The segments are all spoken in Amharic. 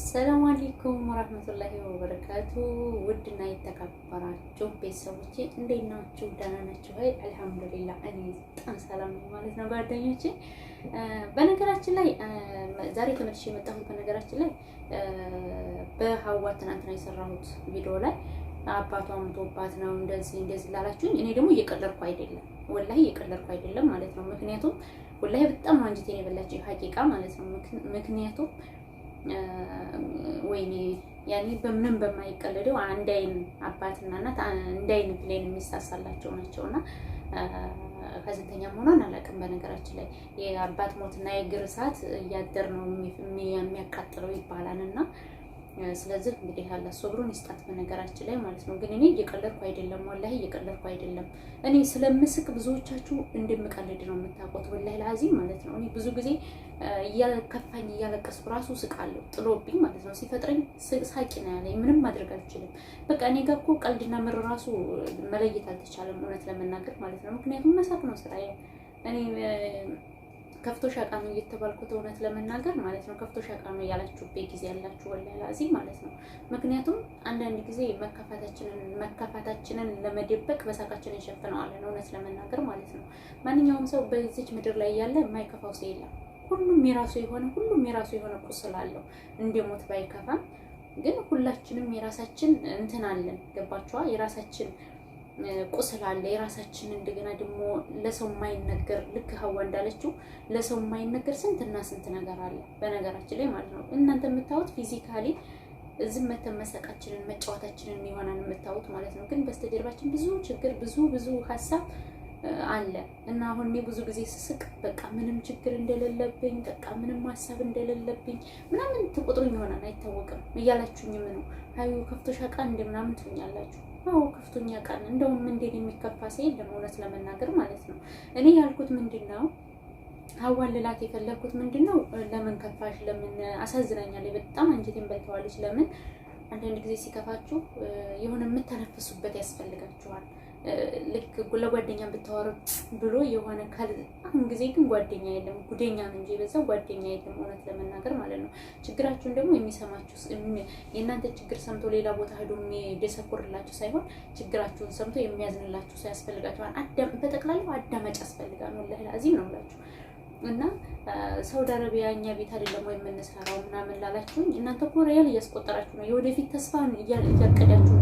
ሰላም አለይኩም ወራህመቱላሂ ወበረካቱ። ውድና የተከበራችሁ ቤተሰቦቼ እንዴት ናችሁ? ደህና ናችሁ? ሀይ አልሐምዱሊላ፣ እኔ በጣም ሰላም ነው ማለት ነው ጓደኞቼ። በነገራችን ላይ ዛሬ ተመልሼ የመጣሁት በነገራችን ላይ በሀዋ ትናንትና የሰራሁት ቪዲዮ ላይ አባቷ አምቶባት ነው እንደዚህ እንደዚህ ላላችሁኝ፣ እኔ ደግሞ እየቀለድኩ አይደለም፣ ወላሂ እየቀለድኩ አይደለም ማለት ነው። ምክንያቱም ወላሂ በጣም አንጀቴን የበላችሁ ሀቂቃ ማለት ነው። ምክንያቱም ወይኔ ያኔ በምንም በማይቀለደው አንድ አይን አባትና እናት አንድ አይን ብሌን የሚሳሳላቸው ናቸው እና ከስንተኛ መሆኗን አላውቅም። በነገራችን ላይ የአባት ሞትና የእግር እሳት እያደር ነው የሚያቃጥለው ይባላል እና ስለዚህ እንግዲህ ያለ ሶብሩን ይስጣት። በነገራችን ላይ ማለት ነው። ግን እኔ እየቀለድኩ አይደለም፣ ወላሂ እየቀለድኩ አይደለም። እኔ ስለምስቅ ብዙዎቻችሁ እንደምቀልድ ነው የምታውቁት፣ ወላሂ ለአዚም ማለት ነው። እኔ ብዙ ጊዜ እያከፋኝ እያለቀስኩ ራሱ ስቃለሁ፣ ጥሎብኝ ማለት ነው። ሲፈጥረኝ ሳቂ ነው ያለኝ፣ ምንም ማድረግ አልችልም። በቃ እኔ ጋር እኮ ቀልድና ምር ራሱ መለየት አልተቻለም፣ እውነት ለመናገር ማለት ነው። ምክንያቱም መሳቅ ነው ስራ እኔ ከፍቶ ሻቃ እየተባልኩት እውነት ለመናገር ማለት ነው። ከፍቶ ሻቃ ነው ያላችሁበት ጊዜ ያላችሁ ወላላ እዚህ ማለት ነው። ምክንያቱም አንዳንድ ጊዜ መከፋታችንን ለመደበቅ በሳቃችን እንሸፍነዋለን እውነት ለመናገር ማለት ነው። ማንኛውም ሰው በዚች ምድር ላይ ያለ የማይከፋው ሰው የለም። ሁሉም የራሱ የሆነ ሁሉም የራሱ የሆነ ቁስል አለው እንደ ሞት ባይከፋም ግን ሁላችንም የራሳችን እንትን አለን። ገባችኋ? የራሳችን ቁስል አለ የራሳችን። እንደገና ደግሞ ለሰው የማይነገር ልክ ሀዋ እንዳለችው ለሰው የማይነገር ስንትና ስንት ነገር አለ በነገራችን ላይ ማለት ነው። እናንተ የምታዩት ፊዚካሊ እዚህ መተን መሳቃችንን መጫወታችንን የሆናን የምታዩት ማለት ነው። ግን በስተጀርባችን ብዙ ችግር፣ ብዙ ብዙ ሀሳብ አለ እና አሁን እኔ ብዙ ጊዜ ስስቅ በቃ ምንም ችግር እንደሌለብኝ በቃ ምንም ሀሳብ እንደሌለብኝ ምናምን ትቆጥሩኝ ይሆናል አይታወቅም። እያላችሁኝም ነው ሀዩ ከፍቶሻ ቃ እንደምናምን ትሉኛላችሁ አዎ ክፍቱኛ ቀን እንደውም እንዴት የሚከፋ ሴ እውነት ለመናገር ማለት ነው። እኔ ያልኩት ምንድን ነው አዋልላት የፈለግኩት ምንድን ነው ለምን ከፋሽ? ለምን አሳዝናኛለች? በጣም አንጀቴን በልተዋለች። ለምን አንዳንድ ጊዜ ሲከፋችሁ የሆነ የምተነፍሱበት ያስፈልጋችኋል። ልክ ለጓደኛ ብታወራ ብሎ የሆነ ካል አሁን ጊዜ ግን ጓደኛ የለም፣ ጉደኛ ነው እንጂ በዛ ጓደኛ የለም። እውነት ለመናገር ማለት ነው። ችግራችሁን ደግሞ የሚሰማችሁ የእናንተ ችግር ሰምቶ ሌላ ቦታ ሄዶ የሚደሰኩርላችሁ ሳይሆን ችግራችሁን ሰምቶ የሚያዝንላችሁ ሰው ያስፈልጋችኋል። በጠቅላላው አዳማጭ ያስፈልጋል። ወላሂ እዚህ ነው ብላችሁ እና ሳውዲ አረቢያ እኛ ቤት አይደለም ወይ የምንሰራው ምናምን ላላችሁኝ እናንተ እኮ ሪያል እያስቆጠራችሁ ነው። የወደፊት ተስፋ እያቀዳችሁ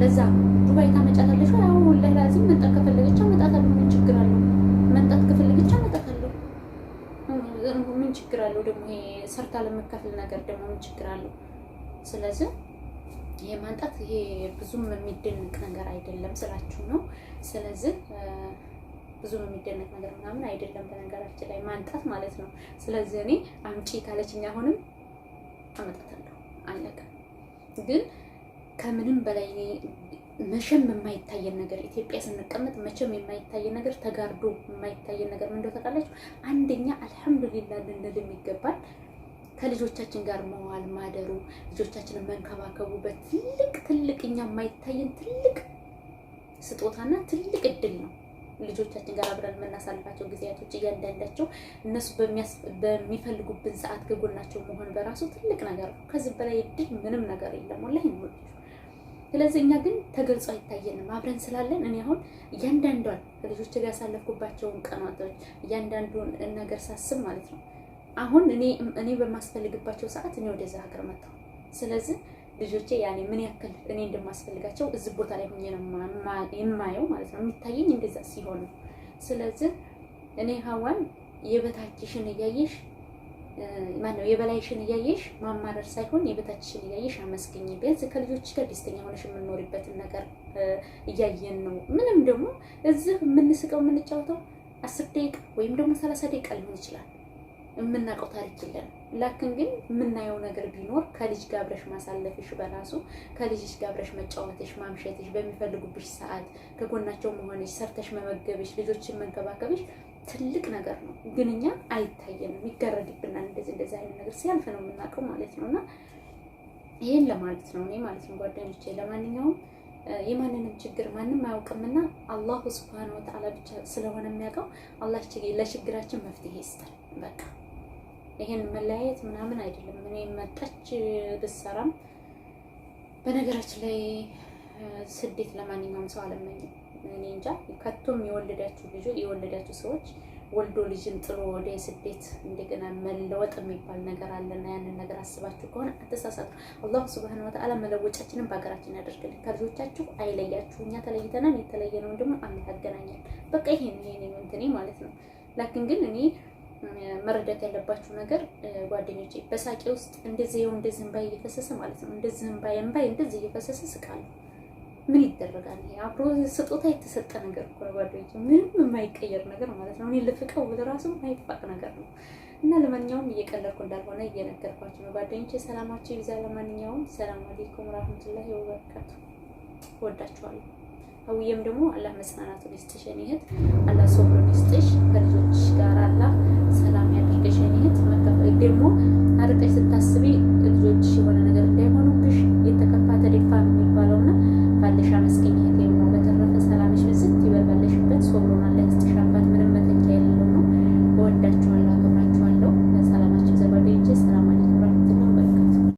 ለዛ ዱባይ ታመጫታለሽ ወይ? አሁን ወላሂ ላዚም መምጣት ከፈለገች አመጣታለሁ። ምን ችግር አለው? መምጣት ከፈለገች አመጣታለሁ። ምን ችግር አለው? ደግሞ ይሄ ሰርታ ለመከፍል ነገር ደግሞ ምን ችግር አለው? ስለዚህ ይሄ ማንጣት ይሄ ብዙም የሚደንቅ ነገር አይደለም ስላችሁ ነው። ስለዚህ ብዙም የሚደንቅ ነገር ምናምን አይደለም በነገራችን ላይ ማንጣት ማለት ነው። ስለዚህ እኔ አምጪ ካለችኝ አሁንም አመጣታለሁ። አለቀ ግን ከምንም በላይ መቼም የማይታየን ነገር ኢትዮጵያ ስንቀመጥ መቼም የማይታየን ነገር ተጋርዶ የማይታየን ነገር ምንድ ተቃላችሁ? አንደኛ አልሐምዱሊላ ልንል የሚገባል ከልጆቻችን ጋር መዋል ማደሩ፣ ልጆቻችንን መንከባከቡ በትልቅ ትልቅ እኛ የማይታየን ትልቅ ስጦታና ትልቅ እድል ነው። ልጆቻችን ጋር አብረን የምናሳልፋቸው ጊዜያቶች እያንዳንዳቸው እነሱ በሚፈልጉብን ሰዓት ከጎናቸው መሆን በራሱ ትልቅ ነገር ነው። ከዚህ በላይ እድል ምንም ነገር የለም። ወላሂ ነው። ስለዚህ እኛ ግን ተገልጾ አይታየንም። አብረን ስላለን እኔ አሁን እያንዳንዷን ልጆች ጋር ያሳለፍኩባቸውን ቀናቶች እያንዳንዱን ነገር ሳስብ ማለት ነው አሁን እኔ በማስፈልግባቸው ሰዓት እኔ ወደዛ ሀገር መጣሁ። ስለዚህ ልጆቼ ያኔ ምን ያክል እኔ እንደማስፈልጋቸው እዚህ ቦታ ላይ ሆኜ ነው የማየው ማለት ነው የሚታየኝ እንደዛ ሲሆን ነው። ስለዚህ እኔ ሀዋን የበታችሽን እያየሽ ማነው የበላይሽን እያየሽ ማማረር ሳይሆን የበታችሽን እያየሽ አመስገኝ። ቢያንስ ከልጆች ጋር ደስተኛ ሆነሽ የምንኖርበትን ነገር እያየን ነው። ምንም ደግሞ እዚህ የምንስቀው የምንጫወተው አስር ደቂቃ ወይም ደግሞ ሰላሳ ደቂቃ ሊሆን ይችላል። የምናውቀው ታሪክ የለም። ላክን ግን የምናየው ነገር ቢኖር ከልጅ ጋብረሽ ማሳለፍሽ በራሱ ከልጅሽ ጋብረሽ መጫወትሽ፣ ማምሸትሽ፣ በሚፈልጉብሽ ሰዓት ከጎናቸው መሆንሽ፣ ሰርተሽ መመገብሽ፣ ልጆችን መንከባከብሽ ትልቅ ነገር ነው፣ ግን እኛ አይታየንም፣ ይጋረድብናል። እንደዚህ እንደዚህ አይነት ነገር ሲያልፍ ነው የምናውቀው ማለት ነው። እና ይህን ለማለት ነው እኔ ማለት ነው ጓደኞቼ። ለማንኛውም የማንንም ችግር ማንም አያውቅም እና አላሁ ስብሃነ ወተዓላ ብቻ ስለሆነ የሚያውቀው አላህ ለችግራችን መፍትሄ ይስጠን። በቃ ይሄን መለያየት ምናምን አይደለም። እኔ መጣች ብሰራም በነገራችን ላይ ስደት ለማንኛውም ሰው አለመኝም። እኔ እንጃ ከቶም የወለዳችሁ ልጆች የወለዳችሁ ሰዎች ወልዶ ልጅን ጥሎ ወደ ስደት እንደገና መለወጥ የሚባል ነገር አለና ያንን ነገር አስባችሁ ከሆነ አተሳሳቱ። አላሁ ስብሐነ ወተዓላ መለወጫችንን በሀገራችን ያደርግልን፣ ከልጆቻችሁ አይለያችሁ። እኛ ተለይተናል፣ የተለየ ነው ደግሞ አላህ ያገናኛል። በቃ ይሄን ይሄን እንትኔ ማለት ነው። ላኪን ግን እኔ መረዳት ያለባችሁ ነገር ጓደኞቼ፣ በሳቄ ውስጥ እንደዚህ ይኸው እንደዚህ እንባ እየፈሰሰ ማለት ነው እንደዚህ እንባ እንባ እንደዚህ እየፈሰሰ ስቃለሁ ምን ይደረጋል? አብሮ ስጦታ የተሰጠ ነገር እኮ ጓደኞች፣ ምንም የማይቀየር ነገር ማለት ነው። እኔ ልፍቀው ራሱ የማይፋቅ ነገር ነው እና ለማንኛውም እየቀለድኩ እንዳልሆነ እየነገርኳቸው ነው ጓደኞቼ። ሰላማቸው ይብዛ። ለማንኛውም ሰላም አለይኩም ወራህመቱላሂ ወበረካቱ። ወዳችኋለሁ። አውዬም ደግሞ አላህ መጽናናቱን ይስጥሽ የኔ እህት፣ አላህ ሶብሩን ይስጥሽ። ከልጆች ጋር አላህ ሰላም ያድርግሽ የኔ እህት። ደግሞ አርቀሽ ስታስቤ